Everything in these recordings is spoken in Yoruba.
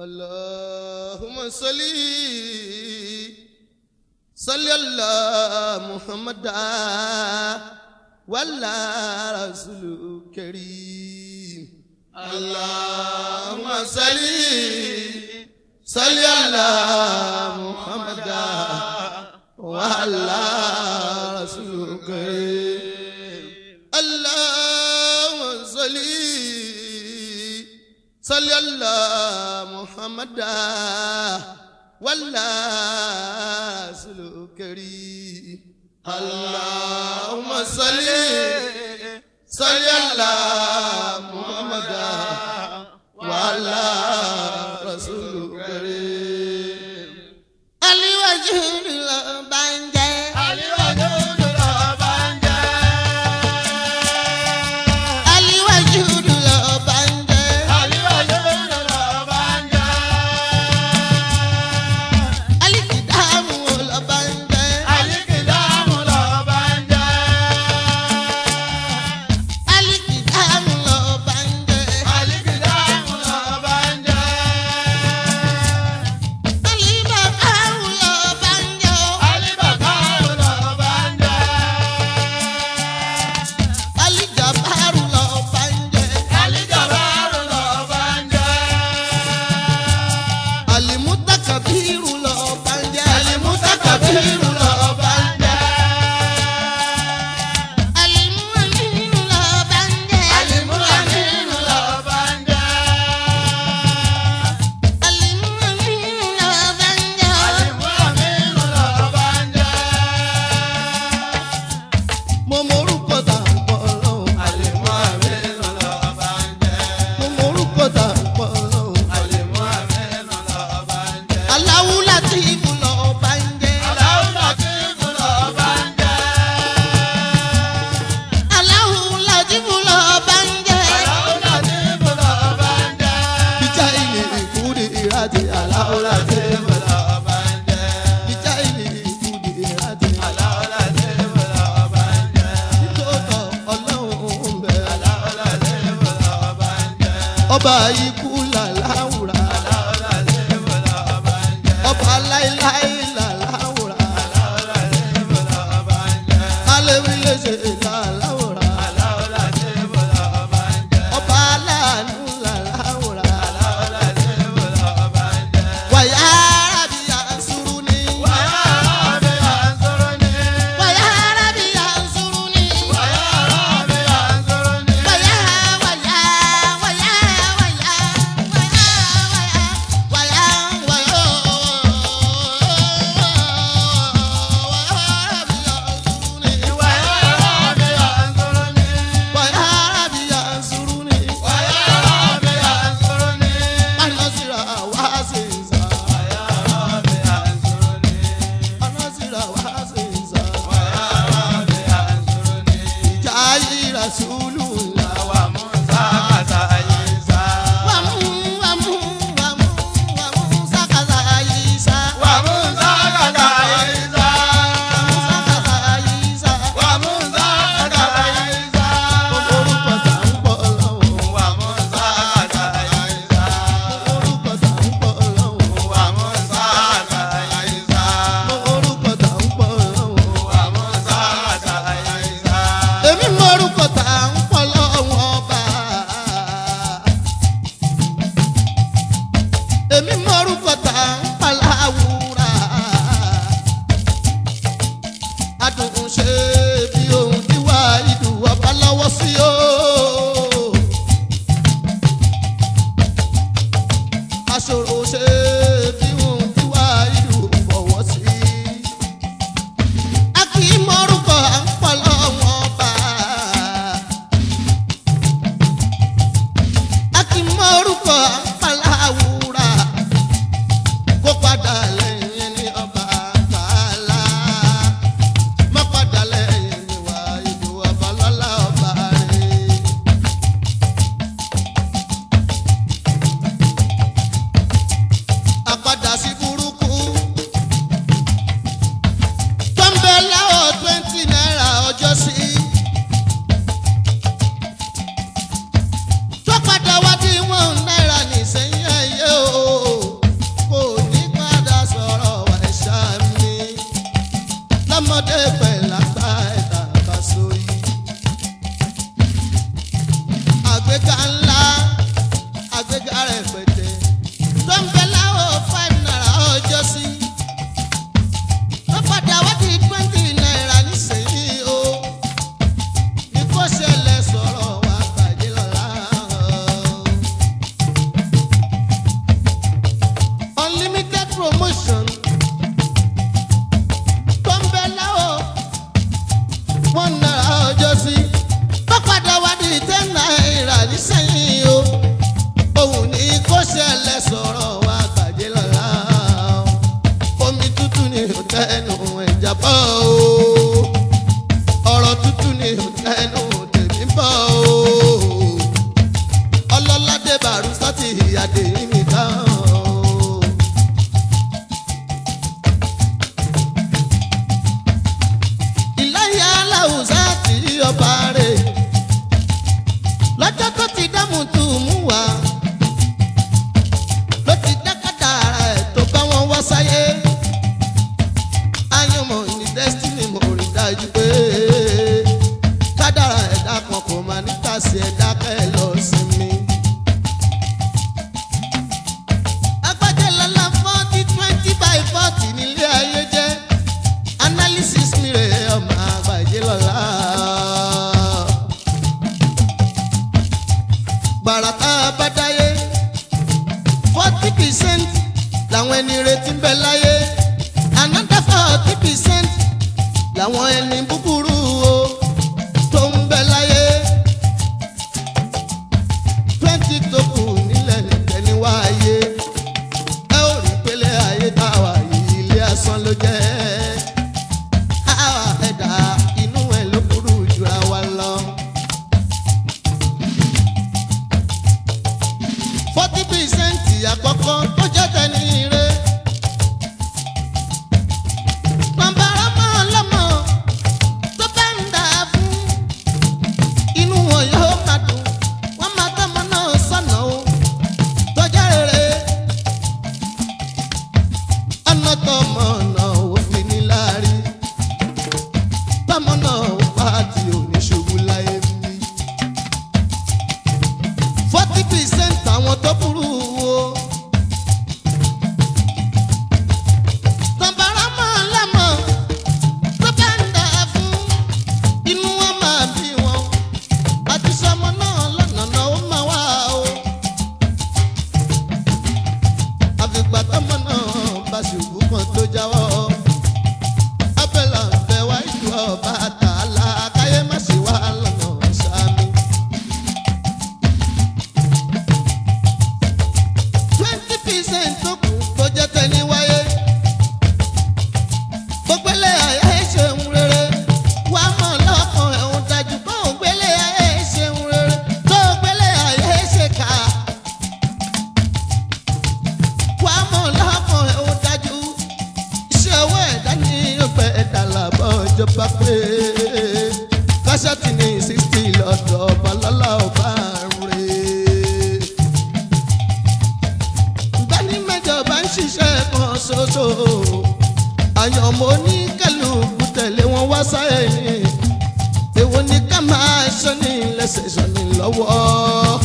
اللهم صل صل على محمد وعلى رسول كريم اللهم صل صل على محمد وعلى محمدا ولا سلوكري اللهم صل صل على محمد ọba take our respect. oh. অন্যতম mọ́tò àyànmọ́ ní kálukú tẹ̀lé wọn wá sáyẹn èwo ni ká máa sọ́ni lẹ́sẹ̀ sọ́ni lọ́wọ́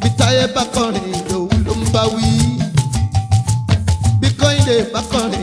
bí táyé bá kọrin lòun ló ń bá wí bí kọ́hìndé bá kọrin.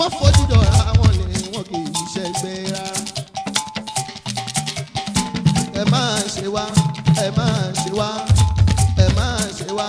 wọ́n fojú dọ̀ra wọn ni wọn kì í ṣẹgbẹ́ rárá. ẹ máa ṣe wá ẹ máa ṣe wá ẹ máa ṣe wá.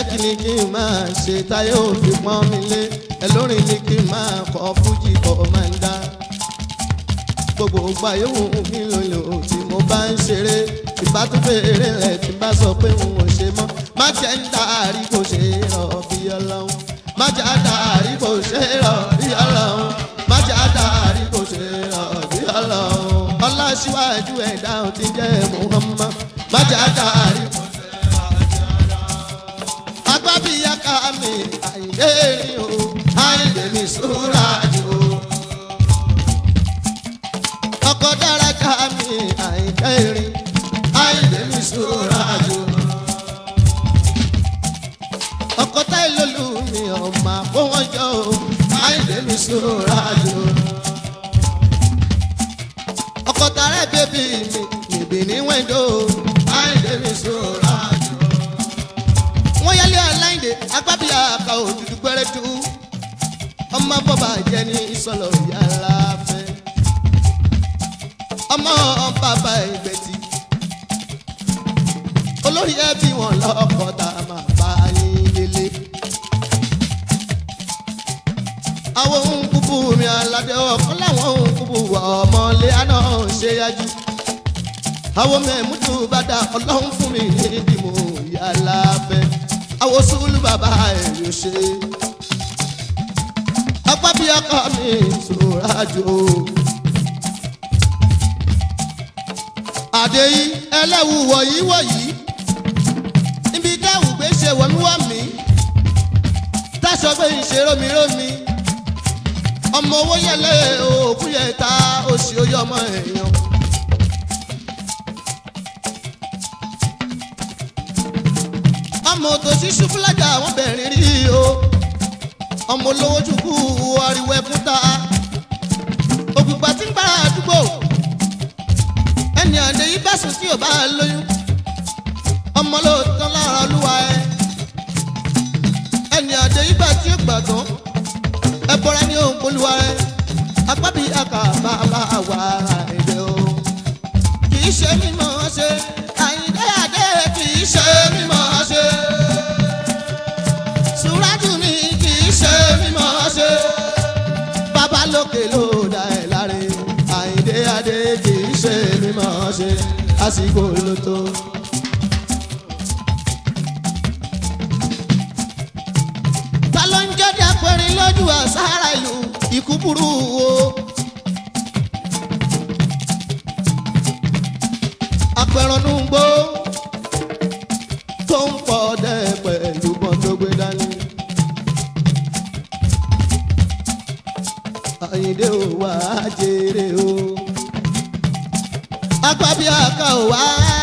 jẹ́kì ni kí n máa ṣe táyé òfin pọ́n mi lé ẹlórin ni kí n máa kọ fújì kọ máa ń dá. gbogbo ògbà yóò wù mí lòlò tí mo bá ń ṣeré ìbá tó fèrè rẹ̀ tí bá sọ pé n ò ṣe mọ́ má jẹ́ ń dàrí kò ṣe é rọ̀ bí ọlọ́run má jẹ́ dàrí kò ṣe é rọ̀ bí ọlọ́run má jẹ́ dàrí kò ṣe é rọ̀ bí ọlọ́run ọlá síwájú ẹ̀dá ò ti jẹ́ Muhammad má jẹ́ dàrí. mi àìlè rí o àìlè mi sóra jù o. ọkọ dáradá mi àìlè rí àìlè mi sóra jù o. ọkọ táìlólù mi ọ̀ma kó wọ́n jọ o àìlè mi sóra jù o. ọkọ tààrẹ bèbí mi bèbí ní wẹ́ńdò yàkà òdùdú gbẹrẹdù ọmọ bọba jẹ ní ìsọlọ yàrá fẹ ọmọ bàbá ìgbẹtì olórí ẹbí wọn lọkọ tá a máa bá yín délé. àwọn ohun kúkú mi aládé ọkọ láwọn ohun kúkú ọmọlé àná ṣe yájú àwọn mẹ́múdù bàdà ọlọ́run fún mi ní ìyàwó sùúlù bàbá èlò ṣe ọpẹ́ bí ọkọ mi ìṣòro àjò. àdéyí ẹlẹ́wù wọ̀yí wọ̀yí níbi táwù gbé ṣe wọ̀míwọ̀mí táṣọ gbé ìṣe rómìrómì ọmọ owó yẹlẹ òkú yẹta òṣì oyè ọmọ èèyàn. ọmọ òtòṣì ṣúfúlájà àwọn bẹ̀rẹ̀ rí o ọmọ olówó jùkú ariwo ẹkún ta ògùgbà tí ń gbára àdúgbò ẹni àdé yìí bá sùn tí ò bá lóyún ọmọ lóòótọ́ lára olúwa ẹ ẹni àdé yìí gbà tí ó gbà ẹ bọ́ra ní òun polúwa ẹ apábí àkàbà àwa èdè o kì í ṣe mímọ́ ṣe kì í ṣe mi máa ṣe. Súrájù mi kì í ṣe mi máa ṣe. Bàbá lókè ló dá ẹ̀ láre. Àsìkò ló tó. Ta ló ń jọ́dá pẹ̀rin lójú àsárá ìlú ikú burú o. apẹ̀rọ̀nù gbòó. jèrè o. agbábíàká ò wá.